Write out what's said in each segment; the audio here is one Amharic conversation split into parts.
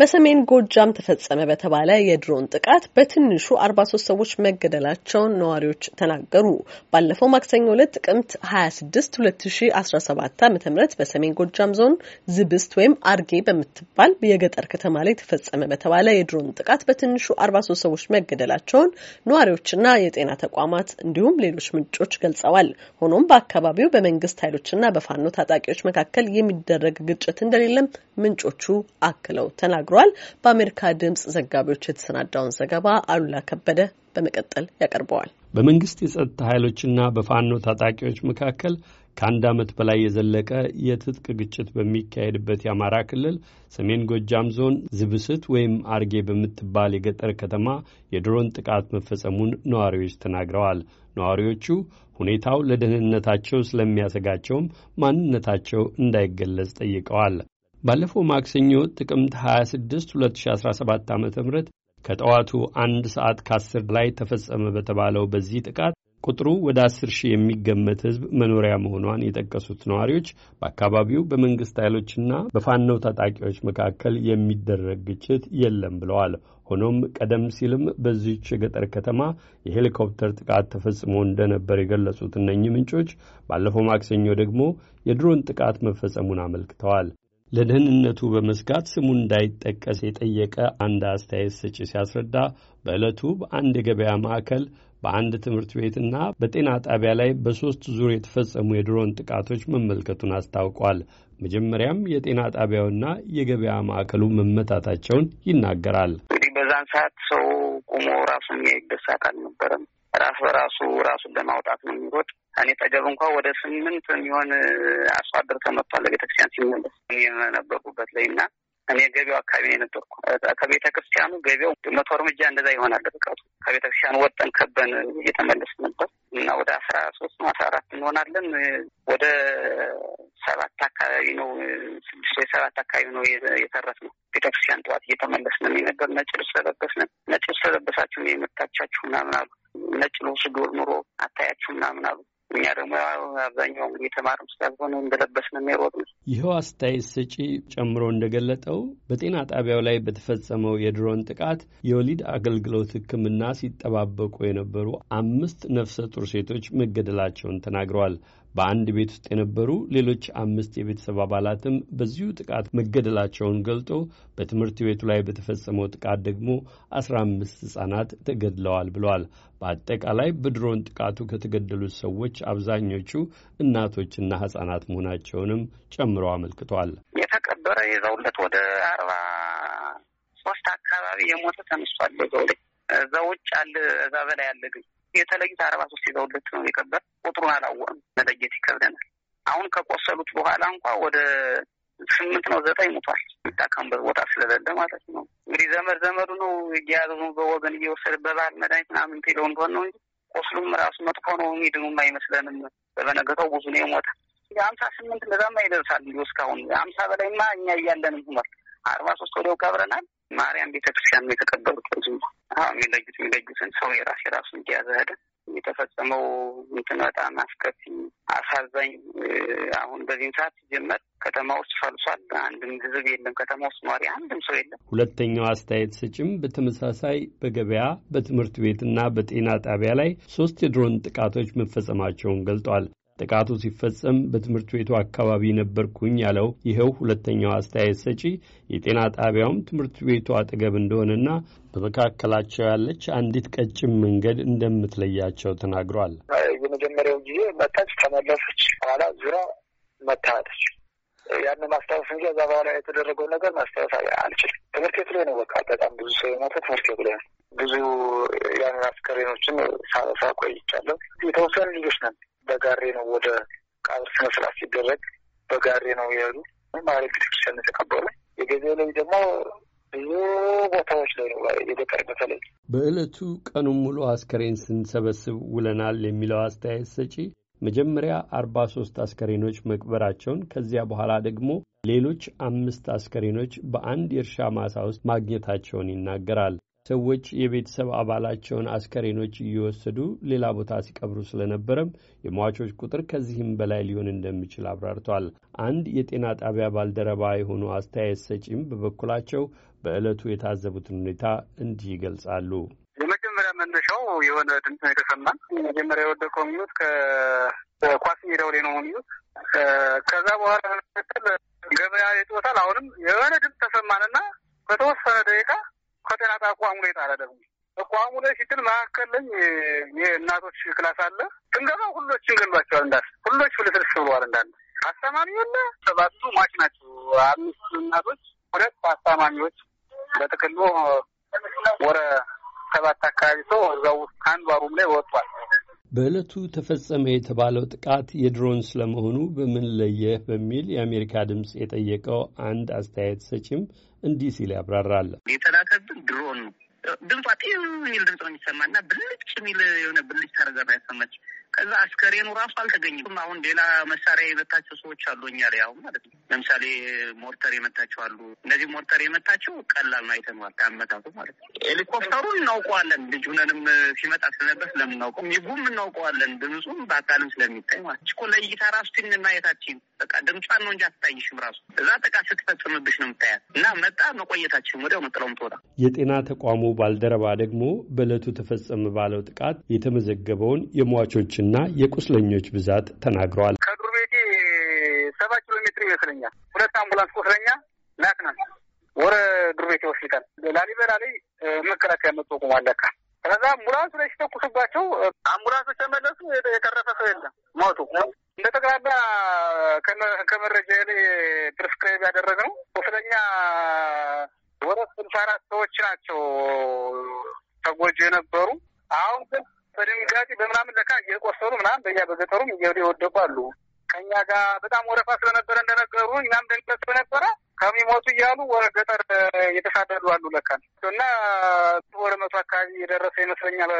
በሰሜን ጎጃም ተፈጸመ በተባለ የድሮን ጥቃት በትንሹ አርባ ሶስት ሰዎች መገደላቸውን ነዋሪዎች ተናገሩ። ባለፈው ማክሰኞ ዕለት ጥቅምት ሀያ ስድስት ሁለት ሺ አስራ ሰባት ዓመተ ምህረት በሰሜን ጎጃም ዞን ዝብስት ወይም አርጌ በምትባል የገጠር ከተማ ላይ ተፈጸመ በተባለ የድሮን ጥቃት በትንሹ አርባ ሶስት ሰዎች መገደላቸውን ነዋሪዎችና የጤና ተቋማት እንዲሁም ሌሎች ምንጮች ገልጸዋል። ሆኖም በአካባቢው በመንግስት ኃይሎችና በፋኖ ታጣቂዎች መካከል የሚደረግ ግጭት እንደሌለም ምንጮቹ አክለው ተናግረዋል። ተናግሯል። በአሜሪካ ድምጽ ዘጋቢዎች የተሰናዳውን ዘገባ አሉላ ከበደ በመቀጠል ያቀርበዋል። በመንግስት የጸጥታ ኃይሎችና በፋኖ ታጣቂዎች መካከል ከአንድ ዓመት በላይ የዘለቀ የትጥቅ ግጭት በሚካሄድበት የአማራ ክልል ሰሜን ጎጃም ዞን ዝብስት ወይም አርጌ በምትባል የገጠር ከተማ የድሮን ጥቃት መፈጸሙን ነዋሪዎች ተናግረዋል። ነዋሪዎቹ ሁኔታው ለደህንነታቸው ስለሚያሰጋቸውም ማንነታቸው እንዳይገለጽ ጠይቀዋል። ባለፈው ማክሰኞ ጥቅምት 26 2017 ዓ ም ከጠዋቱ አንድ ሰዓት ከ10 ላይ ተፈጸመ በተባለው በዚህ ጥቃት ቁጥሩ ወደ 10 ሺህ የሚገመት ሕዝብ መኖሪያ መሆኗን የጠቀሱት ነዋሪዎች በአካባቢው በመንግስት ኃይሎችና በፋኖ ታጣቂዎች መካከል የሚደረግ ግጭት የለም ብለዋል። ሆኖም ቀደም ሲልም በዚች የገጠር ከተማ የሄሊኮፕተር ጥቃት ተፈጽሞ እንደነበር የገለጹት እነኚህ ምንጮች ባለፈው ማክሰኞ ደግሞ የድሮን ጥቃት መፈጸሙን አመልክተዋል። ለደህንነቱ በመስጋት ስሙ እንዳይጠቀስ የጠየቀ አንድ አስተያየት ሰጪ ሲያስረዳ በዕለቱ በአንድ የገበያ ማዕከል በአንድ ትምህርት ቤትና በጤና ጣቢያ ላይ በሦስት ዙር የተፈጸሙ የድሮን ጥቃቶች መመልከቱን አስታውቋል። መጀመሪያም የጤና ጣቢያውና የገበያ ማዕከሉ መመታታቸውን ይናገራል። እንግዲህ በዛን ሰዓት ሰው ቁሞ ራሱን ያይበት ሰዓት አልነበረም። ራስ በራሱ ራሱን ለማውጣት ነው የሚሮጥ። እኔ ጠገብ እንኳ ወደ ስምንት የሚሆን አርሶ አደር ተመቷል ለቤተክርስቲያን ሲመለስ የነበርኩበት ላይ እና እኔ ገቢያው አካባቢ የነበርኩ። ከቤተ ክርስቲያኑ ገቢያው መቶ እርምጃ እንደዛ ይሆናል ርቀቱ። ከቤተ ክርስቲያኑ ወጠን ከበን እየተመለስ ነበር እና ወደ አስራ ሶስት ነው አስራ አራት እንሆናለን። ወደ ሰባት አካባቢ ነው ስድስት ወይ ሰባት አካባቢ ነው የተረፍ ነው። ቤተ ክርስቲያን ጠዋት እየተመለስ ነው የነበር። ነጭ ልብስ ለበስን። ነጭ ልብስ ለበሳችሁ የመታቻችሁ ምናምን አሉ። ነጭ ልብስ ዶር ኑሮ አታያችሁ ምናምን አሉ። እኛ ደግሞ አብዛኛው የተማርም ስላልሆነ ነው የሚሮጥ ነው። ይኸው አስተያየት ሰጪ ጨምሮ እንደገለጠው በጤና ጣቢያው ላይ በተፈጸመው የድሮን ጥቃት የወሊድ አገልግሎት ሕክምና ሲጠባበቁ የነበሩ አምስት ነፍሰ ጡር ሴቶች መገደላቸውን ተናግረዋል። በአንድ ቤት ውስጥ የነበሩ ሌሎች አምስት የቤተሰብ አባላትም በዚሁ ጥቃት መገደላቸውን ገልጦ በትምህርት ቤቱ ላይ በተፈጸመው ጥቃት ደግሞ አስራ አምስት ህጻናት ተገድለዋል ብለዋል። በአጠቃላይ በድሮን ጥቃቱ ከተገደሉት ሰዎች አብዛኞቹ እናቶችና ህጻናት መሆናቸውንም ጨምሮ አመልክቷል። የተቀበረ የዘውለት ወደ አርባ ሶስት አካባቢ የሞተ ተነሷል። ዘውለት እዛ ውጭ አለ፣ እዛ በላይ አለ። ግን የተለዩት አርባ ሶስት የዘውለት ነው የቀበር ቁጥሩን አላወቅም፣ መለየት ይከብደናል። አሁን ከቆሰሉት በኋላ እንኳ ወደ ስምንት ነው ዘጠኝ ሙቷል። የሚታከምበት ቦታ ስለሌለ ማለት ነው። እንግዲህ ዘመድ ዘመዱ ነው እየያዘው ነው በወገን እየወሰደ በባህል መድኃኒት ምናምን ትለው እንደሆን ነው እንጂ ቆስሉም ራሱ መጥፎ ነው የሚድኑም አይመስለንም። በበነገተው ብዙ ነው የሞተ። የአምሳ ስምንት እንደዛማ ይደርሳል እንዲሁ እስካሁን አምሳ በላይማ እኛ እያለንም ሁኗል። አርባ ሶስት ወዲያው ቀብረናል። ማርያም ቤተክርስቲያን ነው የተቀበሩት። ብዙ አሁን የሚለዩት የሚለዩትን ሰው የራስ የራሱ እንዲያዘ ሄደ። የተፈጸመው እንትን በጣም አስከፊ አሳዛኝ። አሁን በዚህም ሰዓት ሲጀመር ከተማ ውስጥ ፈልሷል። አንድም ህዝብ የለም ከተማ ውስጥ ኗሪ አንድም ሰው የለም። ሁለተኛው አስተያየት ሰጭም በተመሳሳይ በገበያ በትምህርት ቤትና በጤና ጣቢያ ላይ ሶስት የድሮን ጥቃቶች መፈጸማቸውን ገልጧል። ጥቃቱ ሲፈጸም በትምህርት ቤቱ አካባቢ ነበርኩኝ ያለው ይኸው ሁለተኛው አስተያየት ሰጪ የጤና ጣቢያውም ትምህርት ቤቱ አጠገብ እንደሆነና በመካከላቸው ያለች አንዲት ቀጭን መንገድ እንደምትለያቸው ተናግሯል። የመጀመሪያው ጊዜ መታች፣ ተመለሰች፣ በኋላ ዙሪያ መታወጠች። ያን ማስታወስ እንጂ እዛ በኋላ የተደረገው ነገር ማስታወስ አልችልም። ትምህርት ቤት ላይ ነው። በቃ በጣም ብዙ ሰው የሞተ ትምህርት ቤት ላይ ነው። ብዙ ያንን አስከሬኖችን ሳነሳ ቆይቻለሁ። የተወሰኑ ልጆች ነን በጋሬ ነው ወደ ቀብር ስነ ስርዓት ሲደረግ በጋሬ ነው የሄዱ ማለት ቤተክርስቲያን የተቀበሉ የገዜ ላይ ደግሞ ብዙ ቦታዎች ላይ ነው የገጠር በተለይ በዕለቱ ቀኑን ሙሉ አስከሬን ስንሰበስብ ውለናል የሚለው አስተያየት ሰጪ መጀመሪያ አርባ ሶስት አስከሬኖች መቅበራቸውን ከዚያ በኋላ ደግሞ ሌሎች አምስት አስከሬኖች በአንድ የእርሻ ማሳ ውስጥ ማግኘታቸውን ይናገራል። ሰዎች የቤተሰብ አባላቸውን አስከሬኖች እየወሰዱ ሌላ ቦታ ሲቀብሩ ስለነበረም የሟቾች ቁጥር ከዚህም በላይ ሊሆን እንደሚችል አብራርቷል። አንድ የጤና ጣቢያ ባልደረባ የሆኑ አስተያየት ሰጪም በበኩላቸው በዕለቱ የታዘቡትን ሁኔታ እንዲህ ይገልጻሉ። የመጀመሪያ መነሻው የሆነ ድምፅ ነው የተሰማን። መጀመሪያ የወደቀው ሚዩት ከኳስ ሜዳው ላይ ነው ሚዩት። ከዛ በኋላ ገበያ ይጦታል። አሁንም የሆነ ድምፅ ተሰማንና በተወሰነ ደቂቃ ፈተና ተቋሙ ላይ ጣለ። ደግሞ ተቋሙ ላይ ሲትል መካከል ለኝ የእናቶች ክላስ አለ። ስንገባ ሁሎችን ገሏቸዋል። እንዳል ሁሎች ፍልስልስ ብለዋል። እንዳለ አስተማሚ የለ። ሰባቱ ሟች ናቸው። አምስቱ እናቶች፣ ሁለት አስተማሚዎች በጥቅሉ ወረ ሰባት አካባቢ ሰው እዛው ውስጥ አንዷ ሩም ላይ ወጥቷል። በዕለቱ ተፈጸመ የተባለው ጥቃት የድሮን ስለመሆኑ በምን ለየህ በሚል የአሜሪካ ድምፅ የጠየቀው አንድ አስተያየት ሰጪም እንዲህ ሲል ያብራራል። የተላከብን ድሮን ድምጿ ጤው የሚል ድምጽ ነው የሚሰማ እና ብልጭ የሚል የሆነ ብልጭ ታረገራ ያሰማች። ከዛ አስከሬኑ ራሱ አልተገኘም። አሁን ሌላ መሳሪያ የመታቸው ሰዎች አሉ እኛ ላይ አሁን ማለት ነው። ለምሳሌ ሞርተር የመታቸው አሉ። እነዚህ ሞርተር የመታቸው ቀላል ነው፣ አይተነዋል አመታቱ ማለት ነው። ሄሊኮፕተሩን እናውቀዋለን፣ ልጅ ሁነንም ሲመጣ ስለነበር ስለምናውቀው ሚጉም እናውቀዋለን፣ ድምፁም በአካልም ስለሚታይ ማለት እኮ ለእይታ ራሱ ትን ማየታችን በቃ ድምጿን ነው እንጂ አትታይሽም። ራሱ እዛ ጥቃት ስትፈጽምብሽ ነው የምታያት። እና መጣ መቆየታችን ወዲያው መጥለውም ትወጣ። የጤና ተቋሙ ባልደረባ ደግሞ በእለቱ ተፈጸመ ባለው ጥቃት የተመዘገበውን የሟቾችና የቁስለኞች ብዛት ተናግረዋል። ከዱር ቤቴ ሰባ ኪሎ ሜትር ይመስለኛል ሁለት አምቡላንስ ቁስለኛ ላክናል ወረ ዱር ቤቴ ሆስፒታል። ላሊበላ ላይ መከላከያ መጡ ቁማለካ ከዛ አምቡላንስ ላይ ሲተኩስባቸው አምቡላንሶች ተመለሱ። የተረፈ ሰው የለም ሞቱ። በጠቅላላ ከመረጃ ላይ ፕሪስክራይብ ያደረግነው ቁስለኛ ወረት ስልሳ አራት ሰዎች ናቸው ተጎጆ የነበሩ አሁን ግን በድንጋጤ በምናምን ለካ እየቆሰሉ ምናምን በያ በገጠሩም እየወደ የወደቁ አሉ። ከእኛ ጋር በጣም ወረፋ ስለነበረ እንደነገሩ እኛም ደንገት ስለነበረ ከሚሞቱ እያሉ ወረ ገጠር እየተሳደዱ አሉ ለካ እና ወደ መቶ አካባቢ የደረሰ ይመስለኛል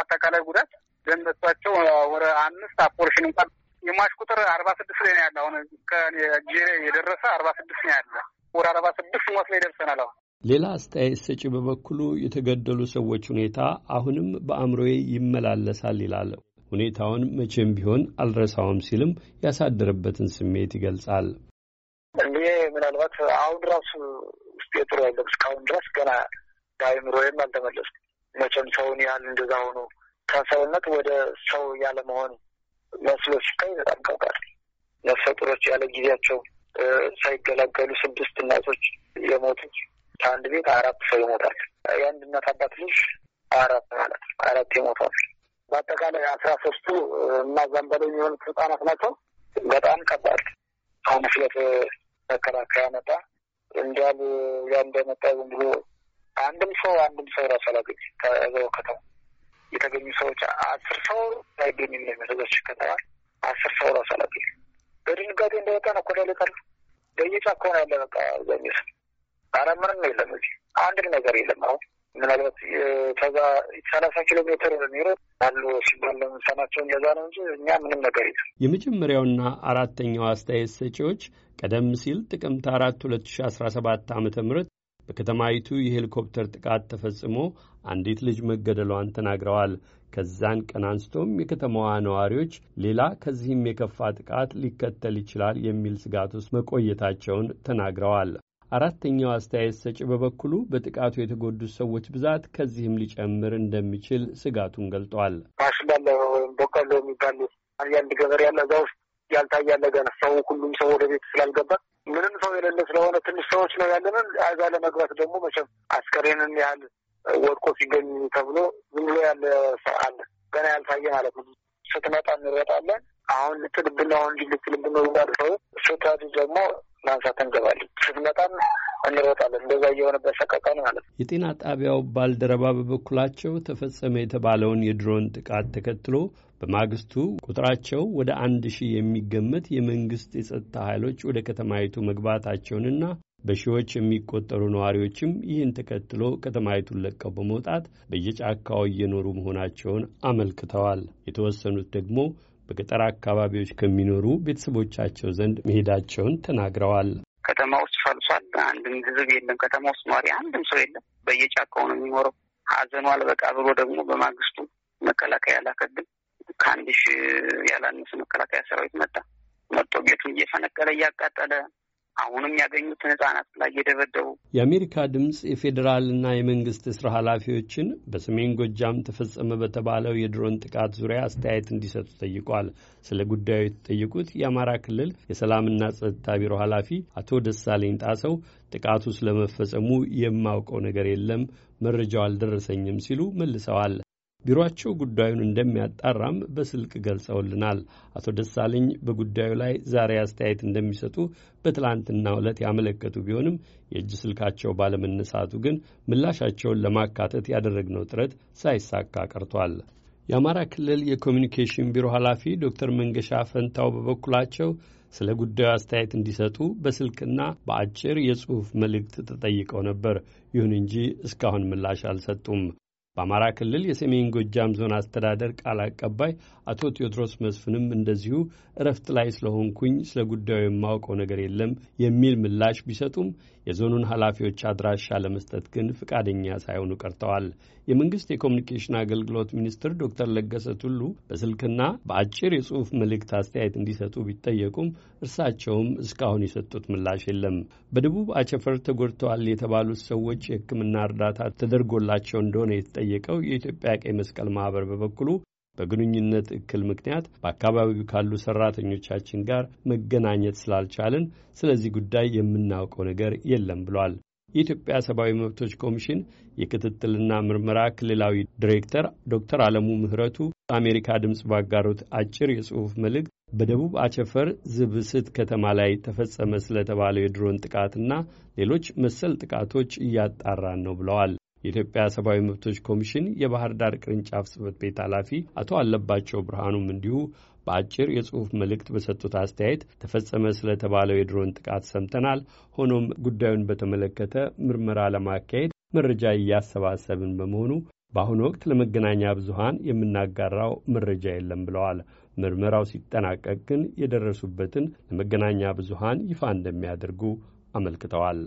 አጠቃላይ ጉዳት ደንበሳቸው ወደ አምስት አፖርሽን እንኳን የሟች ቁጥር አርባ ስድስት ላይ ነው ያለ። አሁን ከጄ የደረሰ አርባ ስድስት ነው ያለ። ወደ አርባ ስድስት ሞት ላይ ደርሰናል። አሁን ሌላ አስተያየት ሰጪ በበኩሉ የተገደሉ ሰዎች ሁኔታ አሁንም በአእምሮዬ ይመላለሳል ይላል። ሁኔታውን መቼም ቢሆን አልረሳውም ሲልም ያሳደረበትን ስሜት ይገልጻል። እንዴ ምናልባት አሁን ራሱ ውስጥ የጥሩ ያለው እስካሁን ድረስ ገና በአእምሮዬም አልተመለስኩም። መቼም ሰውን ያህል እንደዛ ሆኖ ከሰውነት ወደ ሰው ያለመሆን መስሎ ሲታይ በጣም ከባድ ነፍሰ ጡሮች ያለ ጊዜያቸው ሳይገላገሉ ስድስት እናቶች የሞቱት ከአንድ ቤት አራት ሰው ይሞታል። የአንድ እናት አባት ልጅ አራት ማለት አራት ይሞታል። በአጠቃላይ አስራ ሶስቱ እና እዛም በላይ የሚሆኑት ህጻናት ናቸው። በጣም ከባድ አሁን ስለት መከላከያ መጣ እንዲያሉ ያ እንደመጣ ዝም ብሎ አንድም ሰው አንድም ሰው ራሱ አላገኝ ከዛው ከተማ የተገኙ ሰዎች አስር ሰው ላይገኝ የሚል መዘዞች ከተባል አስር ሰው ራሱ አላገኝ በድንጋጤ እንደወጣ ነው ኮዳ ሊቀር በየጫ ከሆነ ያለ። በቃ አብዛኛው ሰው ምንም የለም እዚህ አንድ ነገር የለም። አሁን ምናልባት ከዛ ሰላሳ ኪሎ ሜትር ኒሮ አሉ ሲባል የምንሰማቸው እንደዛ ነው እንጂ እኛ ምንም ነገር የለም። የመጀመሪያውና አራተኛው አስተያየት ሰጪዎች ቀደም ሲል ጥቅምት አራት ሁለት ሺ አስራ ሰባት ዓመተ ምህረት በከተማይቱ የሄሊኮፕተር ጥቃት ተፈጽሞ አንዲት ልጅ መገደሏን ተናግረዋል። ከዛን ቀን አንስቶም የከተማዋ ነዋሪዎች ሌላ ከዚህም የከፋ ጥቃት ሊከተል ይችላል የሚል ስጋት ውስጥ መቆየታቸውን ተናግረዋል። አራተኛው አስተያየት ሰጪ በበኩሉ በጥቃቱ የተጎዱት ሰዎች ብዛት ከዚህም ሊጨምር እንደሚችል ስጋቱን ገልጧል። ማሽላ ወይም በቀሎ የሚባል አንድ ገበሬ ያለ እዛ ውስጥ ያልታያለ ገና ሰው ሁሉም ሰው ወደ ቤት ስላልገባ ምንም ሰው የሌለ ስለሆነ ትንሽ ሰዎች ነው ያለንን። አዛ ለመግባት ደግሞ መቼም አስከሬንን ያህል ወድቆ ሲገኝ ተብሎ ዝም ብሎ ያለ ሰው አለ ገና ያልታየ ማለት ነው። ስትመጣ እንረጣለን። አሁን ልትልብን አሁን እንዲ ልትልብን ነው ይላል ሰው። ስትሄድ ደግሞ ማንሳት እንገባለን። ስትመጣም እንሮጣለን። እንደዛ እየሆነበት ሰቀቀን ማለት ነው። የጤና ጣቢያው ባልደረባ በበኩላቸው ተፈጸመ የተባለውን የድሮን ጥቃት ተከትሎ በማግስቱ ቁጥራቸው ወደ አንድ ሺህ የሚገመት የመንግሥት የጸጥታ ኃይሎች ወደ ከተማይቱ መግባታቸውንና በሺዎች የሚቆጠሩ ነዋሪዎችም ይህን ተከትሎ ከተማይቱን ለቀው በመውጣት በየጫካው እየኖሩ መሆናቸውን አመልክተዋል። የተወሰኑት ደግሞ በገጠር አካባቢዎች ከሚኖሩ ቤተሰቦቻቸው ዘንድ መሄዳቸውን ተናግረዋል። ከተማ ውስጥ ፈልሷል። አንድም ግዝብ የለም። ከተማ ውስጥ ነዋሪ አንድም ሰው የለም። በየጫካው ነው የሚኖረው። ሀዘኑ አልበቃ ብሎ ደግሞ በማግስቱ መከላከያ ላከብን ከአንድ ሺ ያላነሱ መከላከያ ሰራዊት መጣ መጦ ቤቱን እየፈነቀለ እያቃጠለ አሁንም ያገኙትን ህጻናት ላይ እየደበደቡ። የአሜሪካ ድምፅ የፌዴራልና የመንግስት ስራ ኃላፊዎችን በሰሜን ጎጃም ተፈጸመ በተባለው የድሮን ጥቃት ዙሪያ አስተያየት እንዲሰጡ ጠይቋል። ስለ ጉዳዩ የተጠየቁት የአማራ ክልል የሰላምና ጸጥታ ቢሮ ኃላፊ አቶ ደሳለኝ ጣሰው ጥቃቱ ስለመፈጸሙ የማውቀው ነገር የለም፣ መረጃው አልደረሰኝም ሲሉ መልሰዋል። ቢሮአቸው ጉዳዩን እንደሚያጣራም በስልክ ገልጸውልናል። አቶ ደሳለኝ በጉዳዩ ላይ ዛሬ አስተያየት እንደሚሰጡ በትላንትና ዕለት ያመለከቱ ቢሆንም የእጅ ስልካቸው ባለመነሳቱ ግን ምላሻቸውን ለማካተት ያደረግነው ጥረት ሳይሳካ ቀርቷል። የአማራ ክልል የኮሚኒኬሽን ቢሮ ኃላፊ ዶክተር መንገሻ ፈንታው በበኩላቸው ስለ ጉዳዩ አስተያየት እንዲሰጡ በስልክና በአጭር የጽሑፍ መልእክት ተጠይቀው ነበር። ይሁን እንጂ እስካሁን ምላሽ አልሰጡም። በአማራ ክልል የሰሜን ጎጃም ዞን አስተዳደር ቃል አቀባይ አቶ ቴዎድሮስ መስፍንም እንደዚሁ እረፍት ላይ ስለሆንኩኝ ስለ ጉዳዩ የማውቀው ነገር የለም የሚል ምላሽ ቢሰጡም የዞኑን ኃላፊዎች አድራሻ ለመስጠት ግን ፈቃደኛ ሳይሆኑ ቀርተዋል። የመንግስት የኮሚኒኬሽን አገልግሎት ሚኒስትር ዶክተር ለገሰ ቱሉ በስልክና በአጭር የጽሑፍ መልእክት አስተያየት እንዲሰጡ ቢጠየቁም እርሳቸውም እስካሁን የሰጡት ምላሽ የለም። በደቡብ አቸፈር ተጎድተዋል የተባሉት ሰዎች የሕክምና እርዳታ ተደርጎላቸው እንደሆነ የተጠየቀው የኢትዮጵያ ቀይ መስቀል ማህበር በበኩሉ በግንኙነት እክል ምክንያት በአካባቢው ካሉ ሰራተኞቻችን ጋር መገናኘት ስላልቻልን ስለዚህ ጉዳይ የምናውቀው ነገር የለም ብሏል። የኢትዮጵያ ሰብአዊ መብቶች ኮሚሽን የክትትልና ምርመራ ክልላዊ ዲሬክተር ዶክተር አለሙ ምህረቱ አሜሪካ ድምፅ ባጋሩት አጭር የጽሑፍ መልእክት በደቡብ አቸፈር ዝብስት ከተማ ላይ ተፈጸመ ስለተባለው የድሮን ጥቃትና ሌሎች መሰል ጥቃቶች እያጣራን ነው ብለዋል። የኢትዮጵያ ሰብአዊ መብቶች ኮሚሽን የባህር ዳር ቅርንጫፍ ጽህፈት ቤት ኃላፊ አቶ አለባቸው ብርሃኑም እንዲሁ በአጭር የጽሑፍ መልእክት በሰጡት አስተያየት ተፈጸመ ስለተባለው የድሮን ጥቃት ሰምተናል። ሆኖም ጉዳዩን በተመለከተ ምርመራ ለማካሄድ መረጃ እያሰባሰብን በመሆኑ በአሁኑ ወቅት ለመገናኛ ብዙሃን የምናጋራው መረጃ የለም ብለዋል። ምርመራው ሲጠናቀቅ ግን የደረሱበትን ለመገናኛ ብዙሃን ይፋ እንደሚያደርጉ አመልክተዋል።